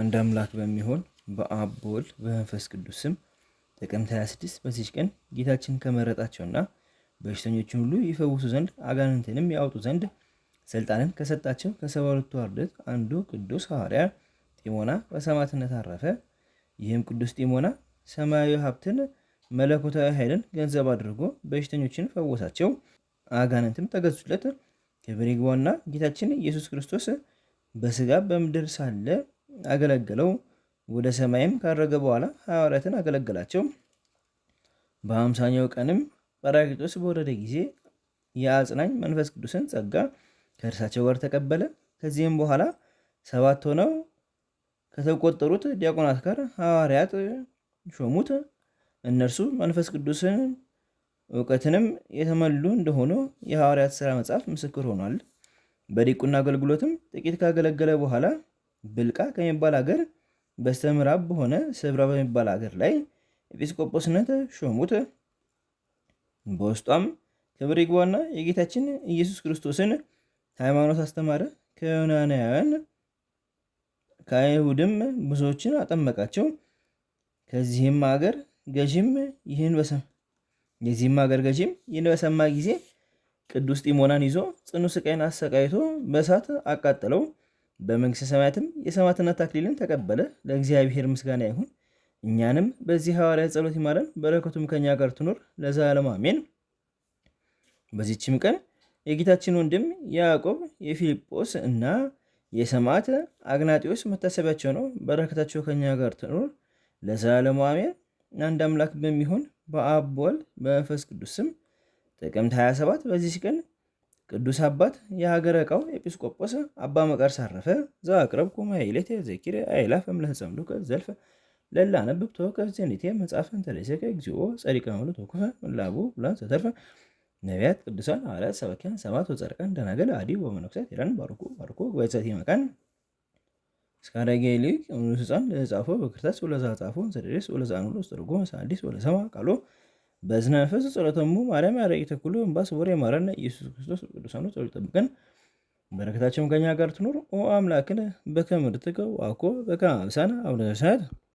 አንድ አምላክ በሚሆን በአብ በመንፈስ ቅዱስ ስም ጥቅምት 26 በዚች ቀን ጌታችን ከመረጣቸውና በሽተኞችን ሁሉ ይፈውሱ ዘንድ አጋንንትንም ያወጡ ዘንድ ስልጣንን ከሰጣቸው ከሰባ ሁለቱ አርድእት አንዱ ቅዱስ ሐዋርያ ጢሞና በሰማዕትነት አረፈ። ይህም ቅዱስ ጢሞና ሰማያዊ ሀብትን መለኮታዊ ኃይልን ገንዘብ አድርጎ በሽተኞችን ፈወሳቸው፣ አጋንንትም ተገዙለት። ክብር ይግባውና ጌታችን ኢየሱስ ክርስቶስ በስጋ በምድር ሳለ አገለገለው። ወደ ሰማይም ካረገ በኋላ ሐዋርያትን አገለገላቸው። በአምሳኛው ቀንም ጰራቅሊጦስ በወረደ ጊዜ የአጽናኝ መንፈስ ቅዱስን ጸጋ ከእርሳቸው ጋር ተቀበለ። ከዚህም በኋላ ሰባት ሆነው ከተቆጠሩት ዲያቆናት ጋር ሐዋርያት ሾሙት። እነርሱ መንፈስ ቅዱስን እውቀትንም የተመሉ እንደሆኑ የሐዋርያት ሥራ መጽሐፍ ምስክር ሆኗል። በዲቁና አገልግሎትም ጥቂት ካገለገለ በኋላ ብልቃ ከሚባል ሀገር በስተምዕራብ በሆነ ስብራ በሚባል ሀገር ላይ ኤጲስቆጶስነት ሾሙት። በውስጧም ክብር ይግባውና የጌታችን ኢየሱስ ክርስቶስን ሃይማኖት አስተማረ። ከዮናናውያን ከአይሁድም ብዙዎችን አጠመቃቸው። ከዚህም ሀገር ገዥም ይህን በሰማ የዚህም ሀገር ገዥም ይህን በሰማ ጊዜ ቅዱስ ጢሞናን ይዞ ጽኑ ስቃይን አሰቃይቶ በእሳት አቃጠለው። በመንግሥተ ሰማያትም የሰማዕትነት አክሊልን ተቀበለ። ለእግዚአብሔር ምስጋና ይሁን። እኛንም በዚህ ሐዋርያ ጸሎት ይማረን፣ በረከቱም ከኛ ጋር ትኖር ለዘላለም አሜን። በዚችም ቀን የጌታችን ወንድም ያዕቆብ የፊልጶስ እና የሰማዕት አግናጢዎስ መታሰቢያቸው ነው። በረከታቸው ከኛ ጋር ትኖር ለዘላለሙ አሜን። አንድ አምላክ በሚሆን በአብ በወልድ በመንፈስ ቅዱስ ስም ጥቅምት 27 በዚች ቀን ቅዱስ አባት የሀገረ ዕቃው ኤጲስቆጶስ አባ መቃርስ አረፈ። ኩማ ማኅሌተ ዘኪር አይላፍ እምለተ ጸምዱከ ዘልፈ ለላነብብ ተወከ ዘኒቴ መጽሐፈ እንተርእሰከ እግዚኦ ጸሪቀ መዋዕል ተወከፈ እምለአቡ ብሉዓን ዘተርፈ ነቢያት፣ ቅዱሳን፣ ሐዋርያት፣ ሰበኪያን ሰማዕታት ወጻድቃን፣ ደናግል፣ አዲ ወመነኮሳት ይረን ባርኩ ባርኩ ጓይሰት ጸት ይመቃን እስካረገ ሊቅ ህፃን ለጻፎ በክርታስ ወለዛ ጻፎ ዘደሬስ ወለዛ አንሎ ስጥርጎ ሳዲስ ወለሰማ ቃሎ በዝነ መንፈስ ጸሎተሙ ማርያም ያረቂተ ኩሉ እምባስ ወሬ ማረነ ኢየሱስ ክርስቶስ ቅዱሳኑ ጸሎ ጠብቀን በረከታቸውም ከኛ ጋር ትኑር። ኦ አምላክን በከምር ትገው አኮ በከም አብሳነ አቡነ ዘበሰማያት